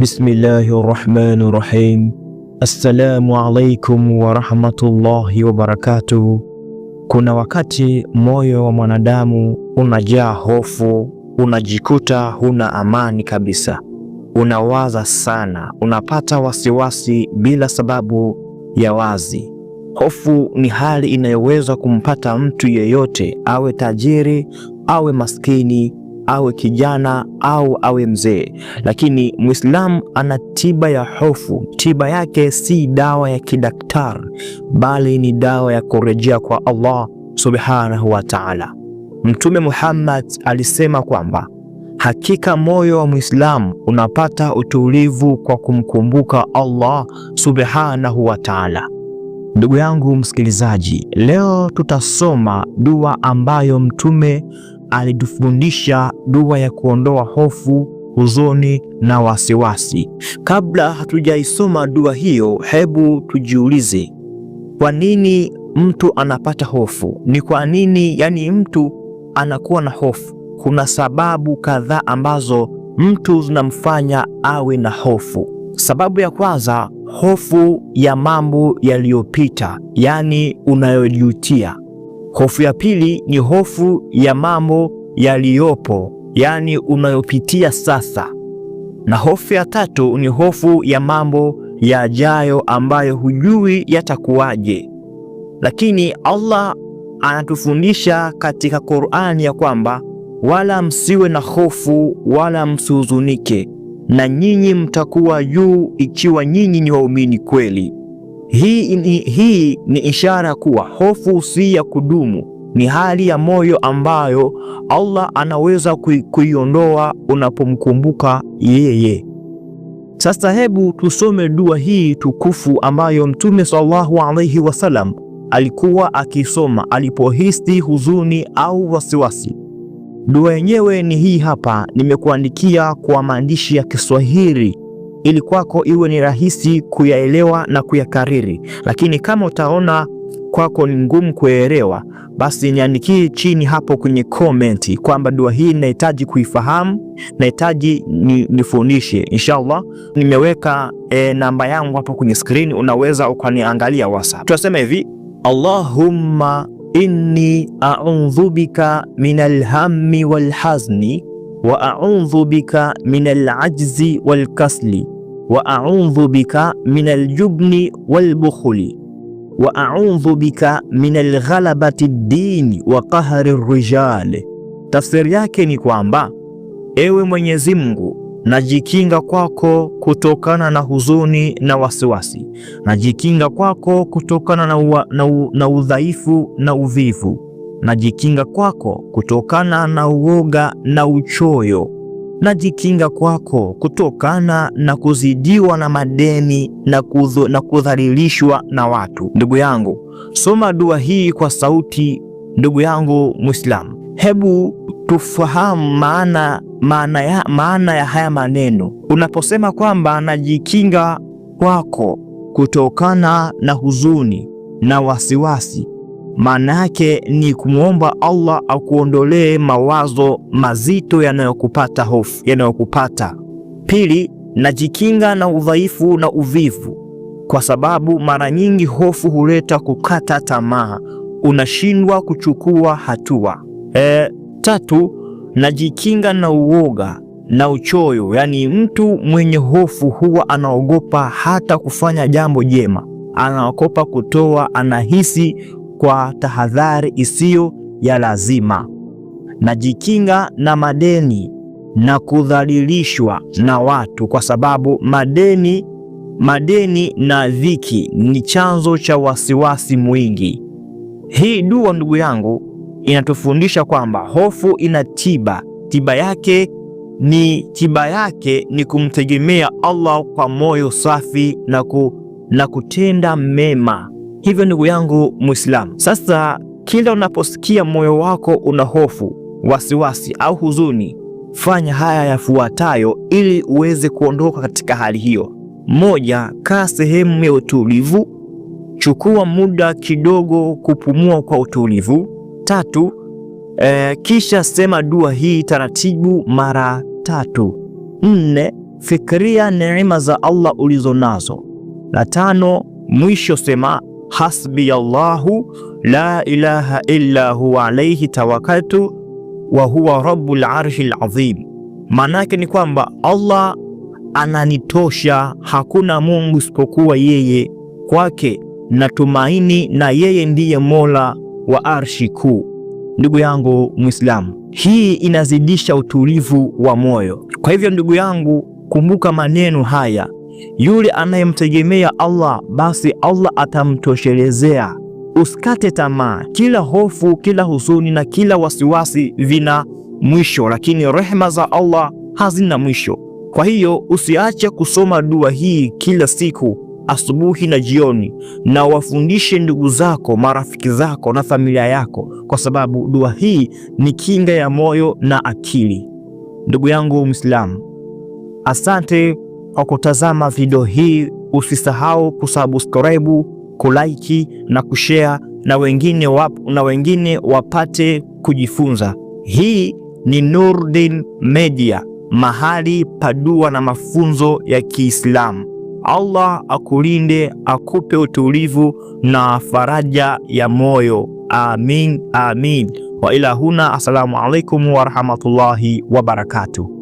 Bismillahi rahmani rahim. Assalamu alaikum warahmatullahi wabarakatuh. Kuna wakati moyo wa mwanadamu unajaa hofu, unajikuta huna amani kabisa, unawaza sana, unapata wasiwasi bila sababu ya wazi. Hofu ni hali inayoweza kumpata mtu yeyote, awe tajiri, awe maskini, awe kijana au awe mzee, lakini Muislamu ana tiba ya hofu. Tiba yake si dawa ya kidaktari, bali ni dawa ya kurejea kwa Allah subhanahu wa ta'ala. Mtume Muhammad alisema kwamba hakika moyo wa Muislamu unapata utulivu kwa kumkumbuka Allah subhanahu wa ta'ala. Ndugu yangu msikilizaji, leo tutasoma dua ambayo Mtume alitufundisha dua ya kuondoa hofu, huzuni na wasiwasi. Kabla hatujaisoma dua hiyo, hebu tujiulize, kwa nini mtu anapata hofu? Ni kwa nini yani mtu anakuwa na hofu? Kuna sababu kadhaa ambazo mtu zinamfanya awe na hofu. Sababu ya kwanza, hofu ya mambo yaliyopita, yani unayojutia Hofu ya pili ni hofu ya mambo yaliyopo, yaani unayopitia sasa, na hofu ya tatu ni hofu ya mambo yajayo ambayo hujui yatakuwaje. Lakini Allah anatufundisha katika Qur'ani ya kwamba wala msiwe na hofu wala msihuzunike, na nyinyi mtakuwa juu, ikiwa nyinyi ni waumini kweli. Hii ni, hii ni ishara kuwa hofu si ya kudumu, ni hali ya moyo ambayo Allah anaweza kuiondoa unapomkumbuka yeye. Sasa hebu tusome dua hii tukufu ambayo Mtume sallallahu alaihi wasallam alikuwa akisoma alipohisi huzuni au wasiwasi. Dua yenyewe ni hii hapa, nimekuandikia kwa maandishi ya Kiswahili ili kwako iwe ni rahisi kuyaelewa na kuyakariri. Lakini kama utaona kwako ni ngumu kuelewa, basi niandikie chini hapo kwenye komenti kwamba dua hii nahitaji kuifahamu, nahitaji nifundishe. Inshallah, nimeweka e, namba yangu hapo kwenye skrini, unaweza ukaniangalia WhatsApp. Tunasema hivi Allahumma inni a'udhu bika min alhammi walhazni wa a'udhu bika al ajzi wal kasli wa a'udhu bika al jubni wal bukhli wa a'udhu bika al ghalabati ad-din wa qahri rijal. Tafsiri yake ni kwamba ewe Mwenyezi Mungu najikinga kwako kutokana na huzuni na wasiwasi, najikinga kwako kutokana na, na, na udhaifu na uvivu najikinga kwako kutokana na uoga na uchoyo, najikinga kwako kutokana na kuzidiwa na madeni na, kudhu, na kudhalilishwa na watu. Ndugu yangu, soma dua hii kwa sauti. Ndugu yangu Muislamu, hebu tufahamu maana, maana, ya, maana ya haya maneno unaposema kwamba najikinga kwako kutokana na huzuni na wasiwasi maana yake ni kumwomba Allah akuondolee mawazo mazito yanayokupata hofu, yanayokupata. Pili, najikinga na udhaifu na uvivu, kwa sababu mara nyingi hofu huleta kukata tamaa, unashindwa kuchukua hatua. E, tatu, najikinga na uoga na uchoyo, yaani mtu mwenye hofu huwa anaogopa hata kufanya jambo jema, anaogopa kutoa, anahisi kwa tahadhari isiyo ya lazima. Najikinga na madeni na kudhalilishwa na watu, kwa sababu madeni madeni na dhiki ni chanzo cha wasiwasi mwingi. Hii dua, ndugu yangu, inatufundisha kwamba hofu ina tiba. Tiba yake ni tiba yake ni kumtegemea Allah kwa moyo safi na, ku, na kutenda mema. Hivyo ndugu yangu Muislamu, sasa kila unaposikia moyo wako una hofu, wasiwasi au huzuni, fanya haya yafuatayo ili uweze kuondoka katika hali hiyo. Moja, kaa sehemu ya utulivu, chukua muda kidogo kupumua kwa utulivu. Tatu, e, kisha sema dua hii taratibu mara tatu. Nne, fikiria neema za Allah ulizo nazo na tano, mwisho sema hasbi Allahu la ilaha illa huwa alaihi tawakkaltu wa huwa rabbul arshil azim. Maana yake ni kwamba Allah ananitosha, hakuna Mungu isipokuwa yeye, kwake natumaini na yeye ndiye Mola wa arshi kuu. Ndugu yangu Muislamu, hii inazidisha utulivu wa moyo. Kwa hivyo ndugu yangu, kumbuka maneno haya yule anayemtegemea Allah, basi Allah atamtoshelezea. Usikate tamaa. Kila hofu, kila huzuni na kila wasiwasi vina mwisho, lakini rehema za Allah hazina mwisho. Kwa hiyo usiache kusoma dua hii kila siku, asubuhi na jioni, na wafundishe ndugu zako, marafiki zako na familia yako, kwa sababu dua hii ni kinga ya moyo na akili. Ndugu yangu Muislamu, asante kwa kutazama video hii. Usisahau kusubscribe, kulike na kushare na wengine, wap, na wengine wapate kujifunza. Hii ni Nurdin Media, mahali padua na mafunzo ya Kiislamu. Allah akulinde, akupe utulivu na faraja ya moyo. Amin, amin. Wa ila huna, assalamu alaikum warahmatullahi wabarakatuh